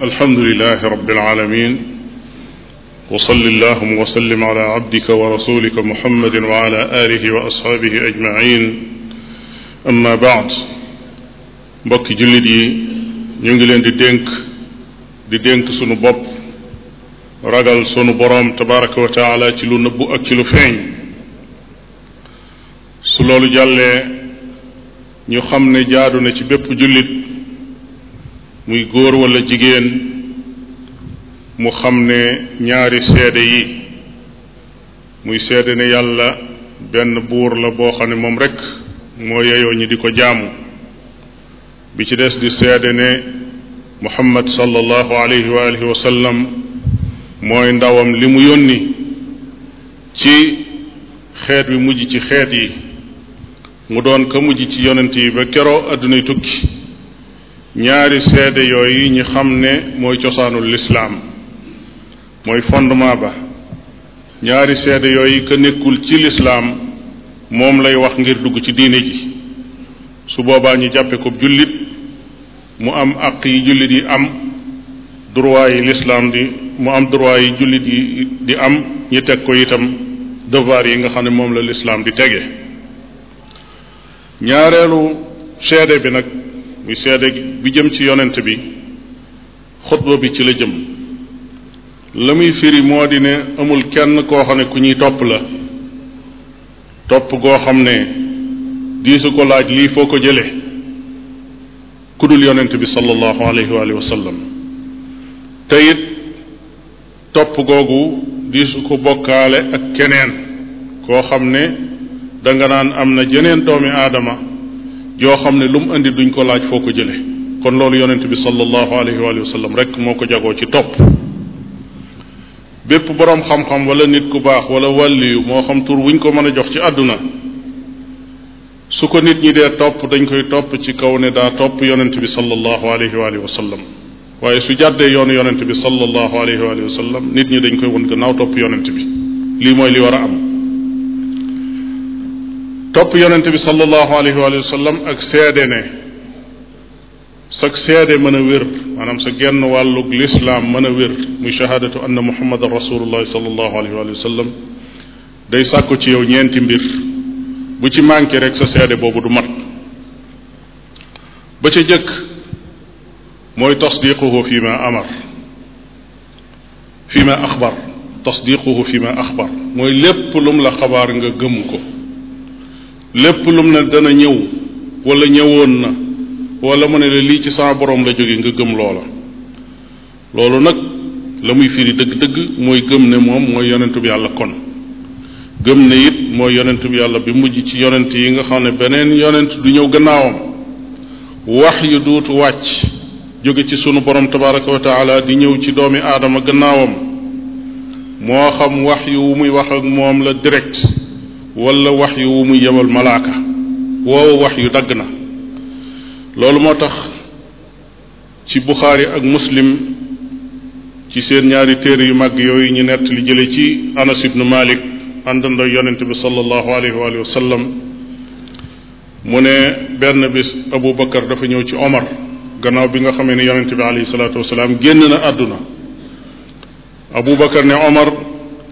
alhamdulilah rabil aalamiin wa salli allahuma wa sallim ala abdika wa rasulika muhammadin wa ala alihi wa asxaabihi ajmain amma baad mbokki jullit yi ñu ngi leen di dénk di dénk sunu bopp ragal sunu boroom tabaraka wa taala ci lu nëbbu ak ci lu feeñ su loolu jàllee ñu xam ne jaadu na ci bépp jullit muy góor walla jigéen mu xam ne ñaari seede yi muy seede ne yàlla benn buur la boo xam moom rekk moo yeyoo ñi di ko jaamu bi ci des di seede ne muhammad sallallahu alayhi wa alihi wa sallam mooy ndawam li mu yónni ci xeet wi mujj ci xeet yi mu doon ko mujj ci yonent yi ba keroo àddunay tukki ñaari seede yooyu ñi xam ne mooy cosaanul lislaam mooy fondement ba ñaari seede yooyu ka ci lislaam moom lay wax ngir dugg ci diine ji su boobaa ñu jàppe ko jullit mu am àq yi jullit yi am droit yi lislaam di mu am droit yi jullit yi di am ñi teg ko itam devoir yi nga xam ne moom la lislaam di tege ñaareelu seede bi nag muy seede bi jëm ci yonent bi xutba bi ci la jëm la muy firi moo di ne amul kenn koo xam ne ku ñuy topp la topp goo xam ne diisu ko laaj lii foo ko jële ku dul yonent bi sallallahu alayhi wa sallam te topp googu diisu ko bokkaale ak keneen koo xam ne danga naan am na jeneen doomi aadama yoo xam ne lu mu indi duñ ko laaj foo ko jële kon loolu yonent bi sallallahu alayhi wa sallam rek moo ko jagoo ci topp bépp boroom xam-xam wala nit ku baax wala wàlliyu moo xam tur wuñ ko mën a jox ci àdduna su ko nit ñi dee topp dañ koy topp ci kaw ne daa topp yonent bi sallallahu alayhi wa sallam waaye su jàddee yoonu yonent bi sallallahu alayhi wa sallam nit ñi dañ koy won gannaaw topp yonent bi lii mooy li war a am topp yonente bi sallallahu alayhi wa sallam ak seede ne sag seede mën a wér maanaam sa genn wàllug lislaam mën a wér muy shahadatu anna muhammadan rasulullahi sàkku ci yow ñeenti mbir bu ci manqué rek sa seede boobu du mat ba ca jëkk mooy tasdiquhu fi ma amar fi ma axbar tasdiquhu fi ma axbar mooy lépp lum la xabaar nga gëm ko lépp lum ne dana ñëw wala ñëwoon na wala mu ne la lii ci saa borom la jóge nga gëm loola loolu nag la muy firi dëgg-dëgg mooy gëm ne moom mooy yonentu bi yàlla kon gëm ne it mooy yonentu bi yàlla bi mujj ci yonent yi nga xam ne beneen yonent du ñëw gannaawam wax yu duutu wàcc jóge ci sunu borom tabaraka wa di ñëw ci doomi aadama gannaawam moo xam wax yu muy wax ak moom la direct wala wax yu wu muy yebal malaaka woowu wax yu dagg na loolu moo tax ci buxaari ak muslim ci seen ñaari téere yu màgg yooyu ñu nett li jële ci anas ibnu malik àndandoo yonent bi sallallahu alayhi wa sallam mu ne benn bis abu bakar dafa ñëw ci omar gannaaw bi nga xamee ne yonent bi alayhi salaatu wasalaam génn na àdduna abu bakar ne omar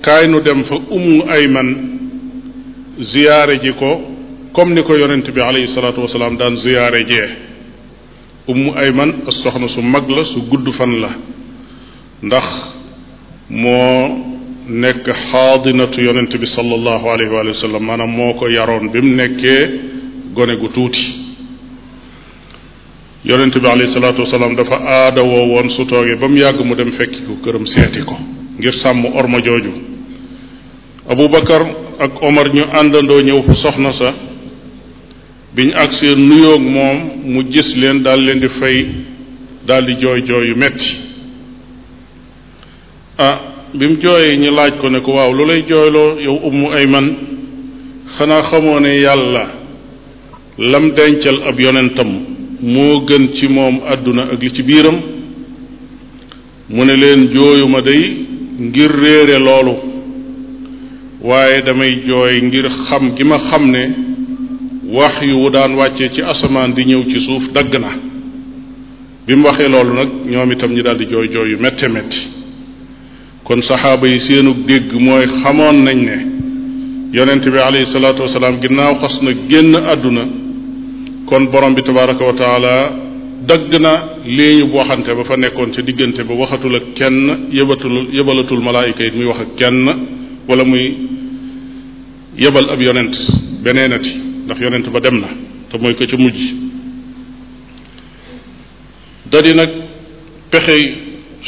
kaay nu dem fa ummu ayman ziyaare ji ko comme ni ko yonent bi alayhi salaatu salaam daan ziyaare jee ay man as soxna su mag la su gudd fan la ndax moo nekk xaadinatu yonent bi sallallahu alayhi wa sallam maanaam moo ko yaroon bi mu nekkee gone gu tuuti yonent bi alayhi salaatu wasalaam dafa aada woo woon su toogee ba mu yàgg mu dem fekki ko këram seeti ko ngir sàmm orma jooju Abu Bakar ak Omar ñu àndandoo ñëw fa soxna sa biñ agsee nuyoog moom mu gis leen daal leen di fay daldi jooy jooy yu metti ah bi mu jooyee ñu laaj ko ne ko waaw lu lay jooyloo yow ay man xanaa xamoo ne yàlla lam dencal ab yonentam moo gën ci moom àdduna ak li ci biiram mu ne leen jooyuma dey ngir réere loolu waaye damay jooy ngir xam gi ma xam ne wax yu daan wàccee ci asamaan di ñëw ci suuf dagg na bi mu waxee loolu nag ñoom itam ñu daal di jooy jooy yu métte métti kon saxaaba yi seenug dégg mooy xamoon nañ ne yonent bi alayhi salaatu wasalaam ginnaaw xas na génn àdduna kon borom bi tabaraka wa dagg na lii booxante ba fa nekkoon ca diggante ba waxatul ak kenn yëbatul yëbalatul malaayika it muy wax ak kenn wala muy yebal ab yonent beneenati ndax yonent ba dem na te mooy ko ca mujj dadi nag pexe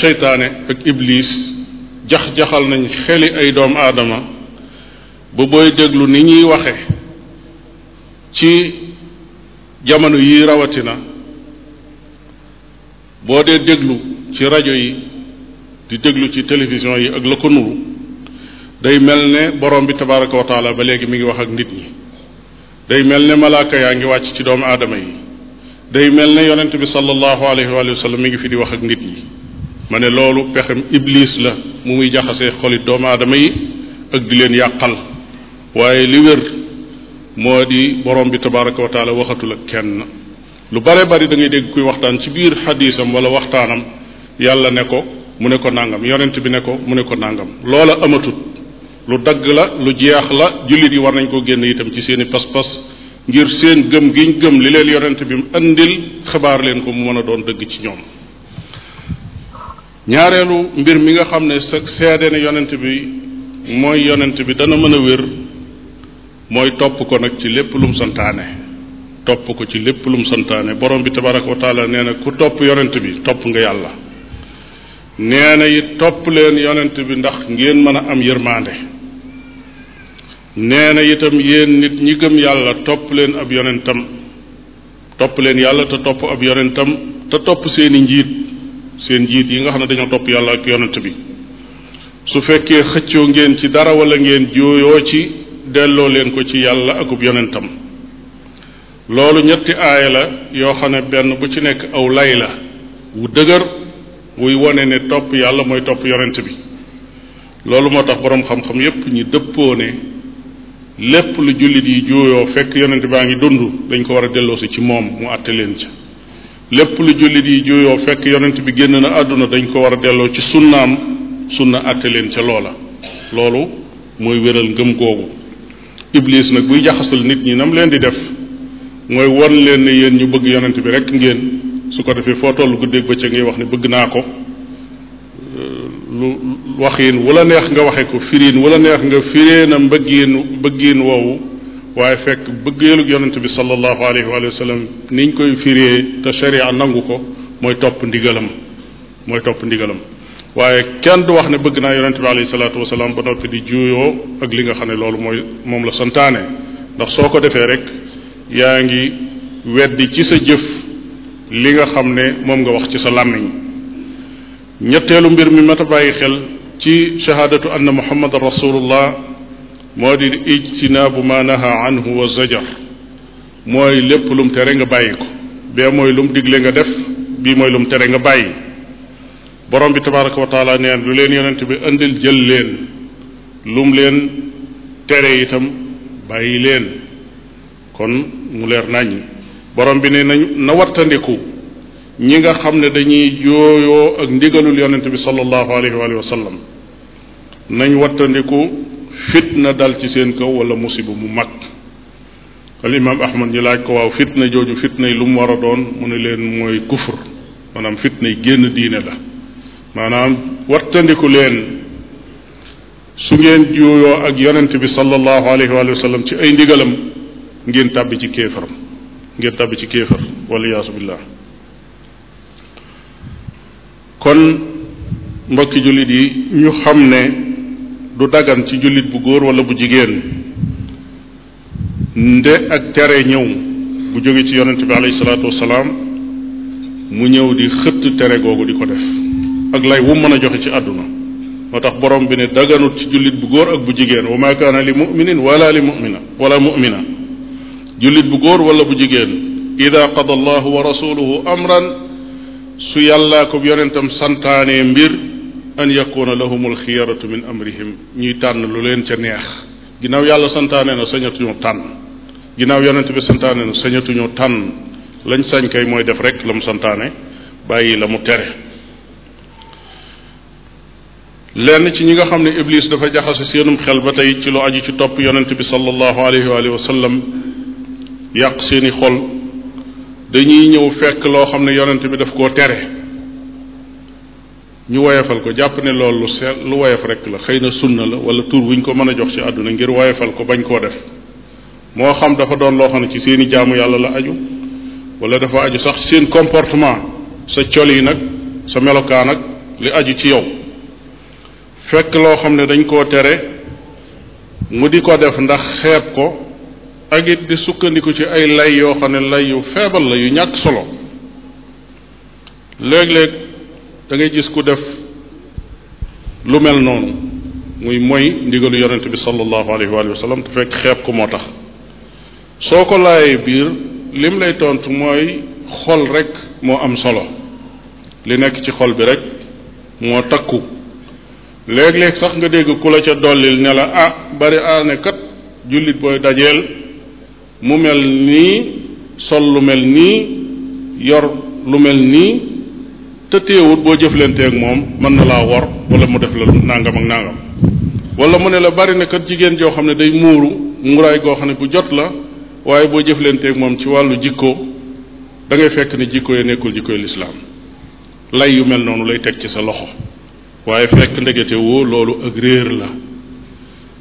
seytaane ak iblis jax-jaxal nañ xeli ay doom aadama ba booy déglu ni ñuy waxe ci jamono yi rawatina boo dee déglu ci rajo yi di déglu ci television yi ak la ko nuru day mel ne borom bi tabaraka wa taala ba léegi mi ngi wax ak nit ñi day mel ne malaaka yaa ngi wàcc ci doomu aadama yi day mel ne yonent bi sallallahu alayhi wa mi ngi fi di wax ak nit ñi ma ne loolu pexem iblis la mu muy jaxasee xolit doomu aadama yi ak di leen yàqal waaye li wér moo di borom bi tabaraka wa taala waxatul ak kenn lu bare bari da dégg kuy waxtaan ci biir xadiisam wala waxtaanam yàlla ne ko mu ne ko nangam yonent bi ne ko mu ne ko nangam lu dagg la lu jeex la jullit yi war nañ koo génn itam ci seeni pas-pas ngir seen gëm giñ gëm li leen yonent bi mu andil xabaar leen ko mu mën a doon dëgg ci ñoom ñaareelu mbir mi nga xam ne sa seede ne yonent bi mooy yonent bi dana mën a wér mooy topp ko nag ci lépp lum santaane topp ko ci lépp lum santaane borom bi tabaraka wa taala nee na ku topp yonent bi topp nga yàlla nee na it topp leen yonent bi ndax ngeen mën a am yërmaande neena na itam yéen nit ñi gëm yàlla topp leen ab yonentam topp leen yàlla te topp ab yonentam te topp seeni njiit seen njiit yi nga xam ne dañoo topp yàlla ak yonent su fekkee xëccoo ngeen ci dara wala ngeen jooyoo ci delloo leen ko ci yàlla akub yonentam loolu ñetti aaya la yoo xam ne benn bu ci nekk aw lay la wu dëgër wuy wone ne topp yàlla mooy topp yonent bi loolu moo tax boroom xam-xam yépp ñi dëppoo ne lépp lu jullit yi juuyoo fekk yonent baa ngi dund dañ ko war a delloosi ci moom mu àtte leen ca lépp lu jullit yi juuyoo fekk yonent bi génn na àdduna dañ ko war a delloo ci sunnaam sunna àtte leen ca loola loolu mooy wéral ngëm googu iblis nag buy jaxasal nit ñi nam leen di def mooy won leen ne yéen ñu bëgg yonent bi rek ngeen su ko defee foo toll guddeeg bëccëg ngay wax ne bëgg naa ko nu waxiin wala neex nga waxe ko firiin wala neex nga firee na mbëggiinu bëggiin woowu waaye fekk bëggeelug yonente bi sallallahu alayhi wa sallam niñ koy firee te sharia nangu ko mooy topp ndigalam mooy topp ndigalam waaye kenn du wax ne bëgg naa yonente bi alayhi salaatu ba noppi di juuyoo ak li nga xam ne loolu mooy moom la santaane ndax soo ko defee rek yaa ngi weddi ci sa jëf li nga xam ne moom nga wax ci sa làmmiñ ñetteelu mbir mi mat bàyyi xel ci shahaadatu anna muhammadan rasulullah moo di ijtinaabu ma naha anhu wa zajar mooy lépp lum tere nga bàyyi ko bee mooy lum digle nga def bii mooy lum tere nga bàyyi borom bi tabaraka wa taala neen lu leen yonent bi indil jël leen lum leen tere itam bàyyi leen kon mu leer naññ borom bi ne nañu na wattandiku ñi nga xam ne dañuy jooyoo ak ndigalul yonent bi sallallahu alayhi wa sallam nañ wattandiku fitna dal ci seen kaw wala musiba mu mag al imaam ahmad ñu laaj ko waaw fitna jooju fitna yi lu mu war a doon mu ne leen mooy kufur maanaam fitna yi génn diine la maanaam wattandiku leen su ngeen jooyoo ak yonent bi sallallahu alayhi wa sallam ci ay ndigalam ngeen tàbbi ci kéefar ngeen tàbbi ci kéefar wala yaasu billah kon mbokki jullit yi ñu xam ne du dagan ci jullit bu góor wala bu jigéen nde ak tere ñëw bu jóge ci yonent bi alayhi salaatu wasalaam mu ñëw di xëtt tere googu di ko def ak lay wu mën a joxe ci àdduna moo tax borom bi ne daganut ci jullit bu góor ak bu jigéen wa maa kaana li muminin wala li mumina jullit bu góor wala bu jigéen ida qada allahu wa rasuluhu amran su yàllaa ko yonentam santaane mbir an yakuna lahumul xiyaratu min amrihim ñuy tànn lu leen ca neex ginnaaw yàlla santaane na sañatuñoo tànn ginnaaw yonent bi santaane na sañatuñoo tànn lañ sañ kay mooy def rek la mu santaane bàyyi la mu tere lenn ci ñi nga xam ne iblis dafa jaxase seenum xel ba tey ci lu aju ci topp yonent bi sallallahu alayhi wa sallam yàq seeni xol dañuy ñëw fekk loo xam ne yonent bi daf koo tere ñu woyefal ko jàpp ne loolu lu seet lu woyef rekk la xëy na sunna la wala tur wuñ ko mën a jox ci àdduna ngir woyefal ko bañ koo def moo xam dafa doon loo xam ne ci seeni jaamu yàlla la aju wala dafa aju sax seen comportement sa col yi nag sa melokaan ak li aju ci yow fekk loo xam ne dañ koo tere mu di ko def ndax xeeb ko ak it di sukkandiku ci ay lay yoo xam ne lay yu feebal la yu ñàkk solo léeg-léeg da gis ku def lu mel noonu muy moy ndigalu yonent bi sallallahu alayhi wa sallam te fekk xeeb ko moo tax soo ko laayee biir lim lay tontu mooy xol rekk moo am solo li nekk ci xol bi rek moo takku léeg-léeg sax nga dégg ku la ca dollil ne la ah bari aane jullit booy dajeel mu mel nii sol lu mel nii yor lu mel nii te téewut boo jëflantee moom mën na laa wor wala mu def la nangam ak nangam wala mu ne la bari na kat jigéen joo xam ne day muuru muraay goo xam ne bu jot la waaye boo jëflantee moom ci wàllu jikko dangay fekk ne jikko yi nekkul jikko yi lislaam lay yu mel noonu lay teg ci sa loxo waaye fekk ndegete loolu ak réer la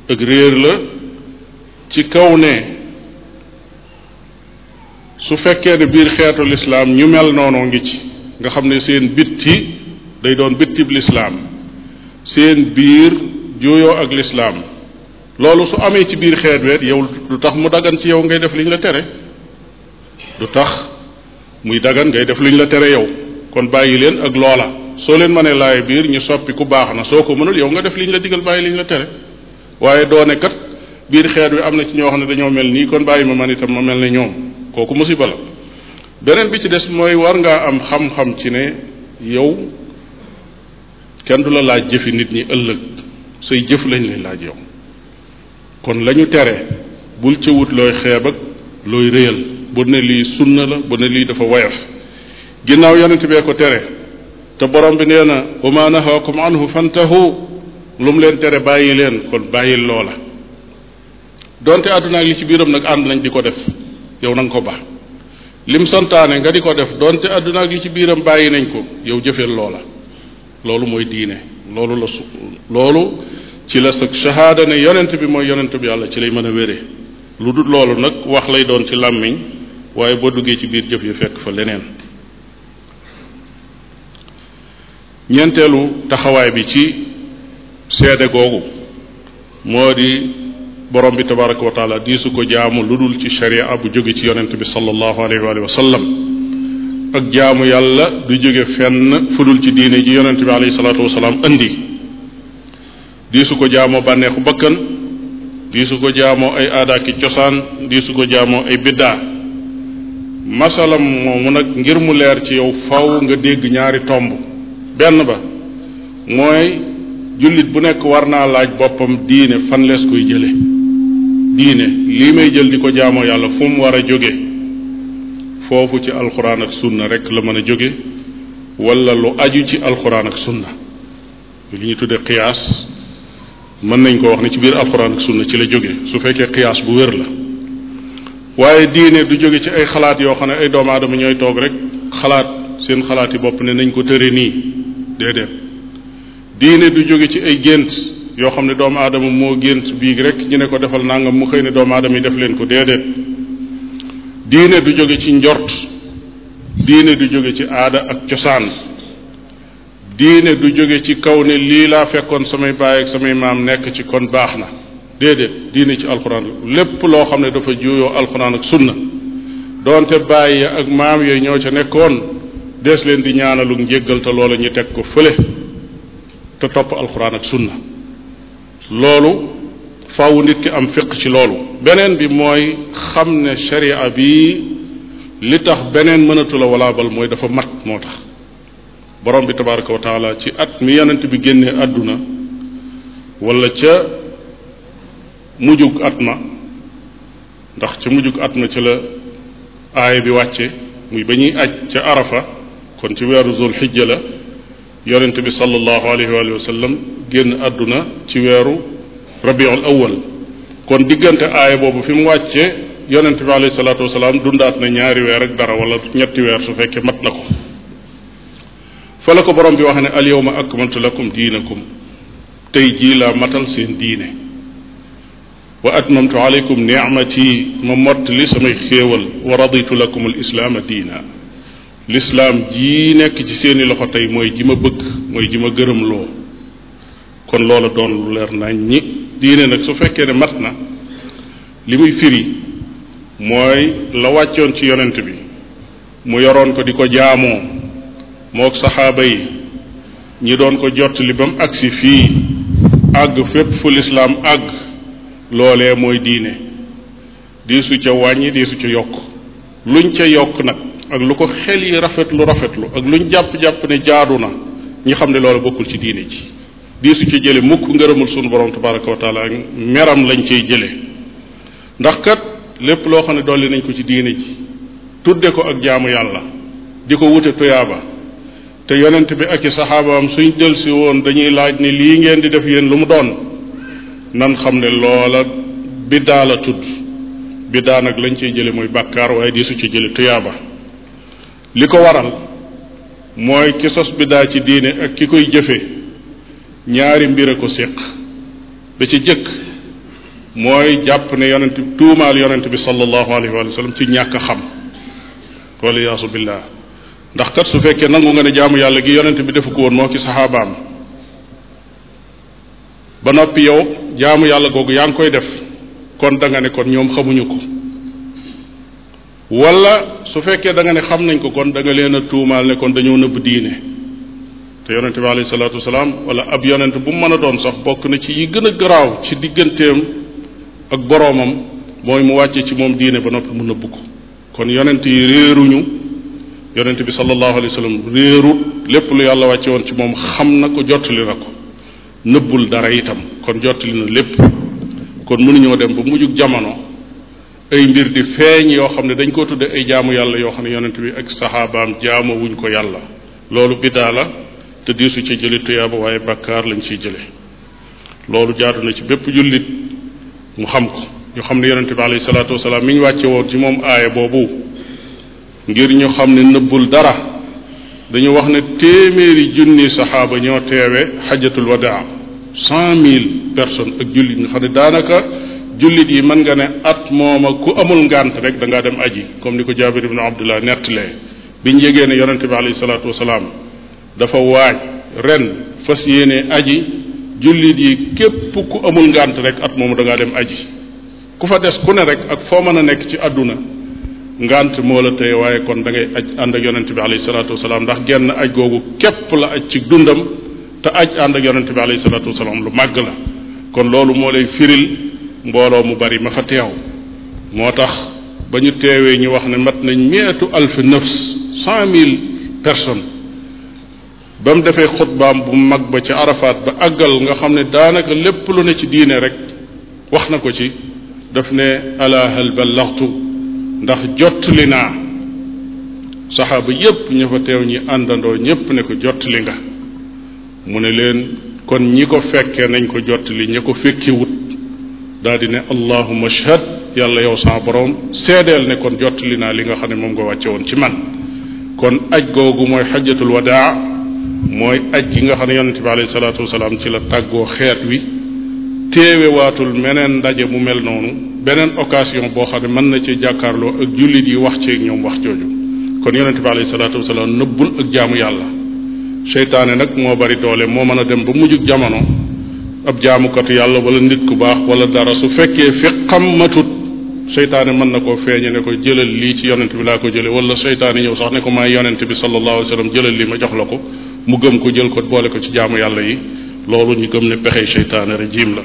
ak réer la ci kaw ne su fekkee ne biir xeetu lislaam ñu mel noonu ngi ci nga xam ne seen bitti day doon bittib lislaam seen biir juuyoo ak lislaam loolu su amee ci biir xeet weet yow du tax mu dagan ci yow ngay def liñ la tere du tax muy dagan ngay def luñ la tere yow kon bàyyi leen ak loola soo leen mënee laay biir ñu soppi ku baax na soo ko mënul yow nga def liñ la digal bàyyi liñ la tere waaye doo kat biir xeet wi am na ci ñoo xam ne dañoo mel nii kon bàyyi ma man itam ma mel ne ñoom kooku musiba bala beneen bi ci des mooy war ngaa am xam-xam ci ne yow kenn du la laaj jëfi nit ñi ëllëg say jëf lañ lay laaj yow kon lañu tere bul ci wut looy xeeb ak looy réyal bu ne lii sunna la bu ne lii dafa woyof ginnaaw yonent bee ko tere te borom bi nee na wa ma nahaakum anhu fantahu lu mu leen tere bàyyi leen kon bàyyil loola donte àdduna ak li ci biiram nag ànd nañ di ko def yow na nga ko ba lim santaane nga di ko def donte àdduna ak ci biiram bàyyi nañ ko yow jëfeel loola loolu mooy diine loolu la su loolu ci la sa shahaada ne yonent bi mooy yonent bi yàlla ci lay mën a wéree lu dul loolu nag wax lay doon ci làmmiñ waaye boo duggee ci biir jëf yi fekk fa leneen ñenteelu taxawaay bi ci seede googu moo di borom bi tabaraka wa taala diisu ko jaamu lu dul ci sharia bu jóge ci yonent bi sallallahu alayhi wa sallam ak jaamu yàlla du jóge fenn fu dul ci diine ji yonent bi alayhi salaatu wa salaam andi diisu ko jaamoo bànneexu bakkan diisu ko jaamoo ay aadaaki cosaan diisu ko jaamoo ay biddaa masalam moomu nag ngir mu leer ci yow faw nga dégg ñaari tomb benn ba mooy jullit bu nekk war naa laaj boppam diine fan lees koy jële diine lii may jël di ko jaamoo yàlla fu mu war a jóge foofu ci alxuraan ak sunna rek la mën a jóge wala lu aju ci alxuraan ak sunna li ñu tudde qiyaas mën nañ ko wax ne ci biir alxuraan ak sunna ci la jóge su fekkee qiyaas bu wér la waaye diine du jóge ci ay xalaat yoo xam ne ay doomu aadama ñooy toog rek xalaat seen xalaat bopp ne nañ ko tëre nii déedéet diine du jóge ci ay gént yoo xam ne doomu aadama moo gént biig rek ñu ne ko defal nangam mu xëy ne doomu aadama yi def leen ko déedéet diine du jóge ci njort diine du jóge ci aada ak cosaan diine du jóge ci kaw ne lii laa fekkoon samay baay ak samay maam nekk ci kon baax na déedéet diine ci alxuraan lépp loo xam ne dafa juuyoo alxuraan ak sunna doonte baay ya ak maam yooyu ñoo ca nekkoon dees leen di ñaanalu njéggal te ñu teg ko fële te topp alxuraan ak sunna loolu faaw nit ki am fiq ci loolu beneen bi mooy xam ne sharia bi li tax beneen mënatu walaabal mooy dafa mat moo tax borom bi tabaraka wa ci at mi yonent bi génnee àdduna walla ca mujjug at ma ndax ca mujjug at ma ci la aaya bi wàcce muy ba ñuy aj ca arafa kon ci weeru zul xijja la yonent bi sallallahu alayhi wa sallam génn àdduna ci weeru rabiul awal kon diggante aaya boobu fi mu wàccee yonent bi alayhi salaatu wasalaam dundaat na ñaari weer ak dara wala ñetti weer su fekkee mat na ko fa la ko borom bi wax ne al yawma akmaltu lakum diinakum tey jii laa matal seen diine wa atmamtu alaykum ni'mati ma mottali samay xéewal wa raditu lakum al diina lislaam jii nekk ci seeni loxo tey mooy ji ma bëgg mooy ji ma gërëm loo kon loola doon lu leer nañ ñi diine nag su fekkee ne mat na li muy firi mooy la wàccoon ci yonent bi mu yoroon ko di ko jaamoo mook saxaaba yi ñi doon ko jot li ba agsi fii àgg fépp fu lislaam àgg loolee mooy diine diisu ca wàññi diisu ca yokk luñ ca yokk nag ak lu ko xel yi rafet rafetlu rafetlu ak lu ñu jàpp-jàpp ne jaadu na ñu xam ne loolu bokkul ci diine ji diisu ci jële mukk ngërëmul sunu borom tabaraka wa taala meram lañ cay jële ndax kat lépp loo xam ne dolli nañ ko ci diine ji tudde ko ak jaamu yàlla di ko wute tuyaaba te yonent bi ak i saxaabaam suñ delsi woon dañuy laaj ne lii ngeen di def yéen lu mu doon nan xam ne loola biddaa la tudd bi nag lañ cay jële mooy bàkkaar waaye diisu ci jële tuyaaba li ko waral mooy ki sos bidaa ci diine ak ki koy jëfe ñaari mbir a ko séq ba ci jëkk mooy jàpp ne yonent tuumaal yonent bi sallallahu alayhi wa sallam ci ñàkk xam xam waliyaasu billah ndax kat su fekkee nangu nga ne jaamu yàlla gi yonent bi defu ko woon moo ki saxaabaam ba noppi yow jaamu yàlla googu yaa ngi koy def kon da ne kon ñoom xamuñu ko wala su fekkee danga ne xam nañ ko kon danga leen a tuumaal ne kon dañoo nëbb diine te yonente bi alayhi salaatu wasalaam wala ab yonent bu mu mën a doon sax bokk na ci yi gën a garaaw ci digganteem ak boroomam mooy mu wàcce ci moom diine ba noppi mu nëbb ko kon yonent yi réeruñu yonent bi sallallahu alayhi wa sallam réerut lépp lu yàlla wàcce woon ci moom xam na ko jottali na ko nëbbul dara itam kon jottali na lépp kon mënuñoo dem ba mujjug jamono ay mbir di feeñ yoo xam ne dañ koo tudde ay jaamu yàlla yoo xam ne yonent bi ak saxaabaam jaamu wuñ ko yàlla loolu biddaa la te diisu ci jële tuyaaba waaye bakkaar lañ ciy jële loolu jaadu na ci bépp jullit mu xam ko ñu xam ne yonent bi alayhi salaatu wasalaam mi ñu wàcce woon ci moom aaya boobu ngir ñu xam ne nëbbul dara dañu wax ne téeméeri junni saxaaba ñoo teewe xajatul wadaa cent mille personnes ak jullit nga xam ne daanaka jullit yi mën nga ne at mooma ku amul ngànt rek da ngaa dem aji comme ni ko jaabir ibnu abdullah nettalee biñ yégee ne yonente bi alayhi salaatu salaam dafa waaj ren fas yéene aji jullit yi képp ku amul ngànt rek at moomu dangaa ngaa dem aji ku fa des ku ne rek ak foo mën a nekk ci àdduna ngant moo la tey waaye kon da ngay aj ànd ak yonente bi alayhi salaatu salaam ndax genn aj googu képp la aj ci dundam te aj ànd ak yonente bi alayhi salaatu wasalaam lu màgg kon loolu moo mbooloo mu bari ma fa teew moo tax ba ñu teewee ñu wax ne mat nañ meetu alfi nafs cent mille personnes ba mu defee xutbaam bu mag ba ca arafaat ba àggal nga xam ne daanaka lépp lu ne ci diine rek wax na ko ci daf ne ala hal ballaxtu ndax jottali naa saxaaba yépp ña fa teew ñi àndandoo ñépp ne ko jottali nga mu ne leen kon ñi ko fekkee nañ ko jottali ña ko fekkiwut daa di ne allahuma ashhad yàlla yow sa boroom seedeel ne kon jottali naa li nga xam ne moom nga wàcce woon ci man kon aj googu mooy xajjatul wadaa mooy aj gi nga xam ne yonente bi alayhi salaatu wasalaam ci la tàggoo xeet wi téewewaatul meneen ndaje mu mel noonu beneen occasion boo xam ne mën na ci jàkkarloo ak jullit yi wax ceeg ñoom wax jooju kon yonente bi alayhi salaatu wasalaam nëbbul ak jaamu yàlla seytaane nag moo bari doole moo mën a dem ba mujjug jamono ab jaamukatu yàlla wala nit ku baax wala dara su fekkee fi xammatut seytaane mën na koo feeñe ne ko jëlal lii ci yonent bi laa ko jële wala seytaane ñëw sax ne ko maay yonent bi sallallahu alayhi wa sallam jëlal lii ma jox la ko mu gëm ko jël ko boole ko ci jaamu yàlla yi loolu ñu gëm ne pexey seytaane rajim la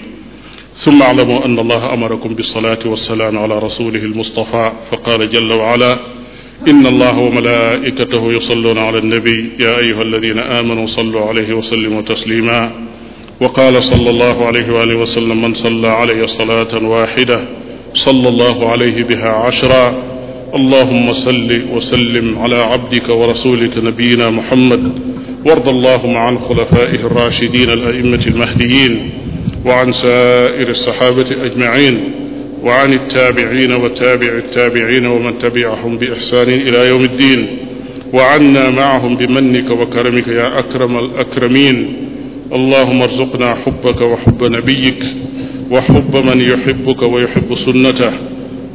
summa alamu an allaha amarakum bisalaati wassalaam ala rasulihi almustafa fa qaala jalla wa ala inna allaha wa malaikatahu yusalluna ala annabi ya ayuha alladina amanu sallu alayhi wa sallimu taslima wa qaala sallallahu alayhi wa alihi wa sallam man salla alayya salaatan waaxida sallallahu alayhi biha ashra allahumma salli wa sallim ala abdika wa rasulika nabiyina muhammad warda allahuma an xulafaa'ihi raashidin al a'immati al mahdiyin wa an saa'iri saxaabati ajmaciin wa an ittaabiciina wa taabici ittaabiciina wa man tabicahum bi ixsaanin ila yawmi ddiin wa anna macahum bimannika wa karamika yaa akramal akramiin allahuma arzuqna xubbaka wa xubba nabiyik wa xubba man yuxibuka wa yuxibu sunnatah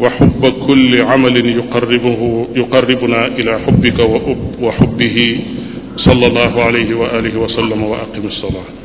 wa xubba kulli camalin yuqarribuhu yuqarribuna ila xubbika wa xubbihi sallallahu alayhi wa alihi wa sallam wa aqim alsalaa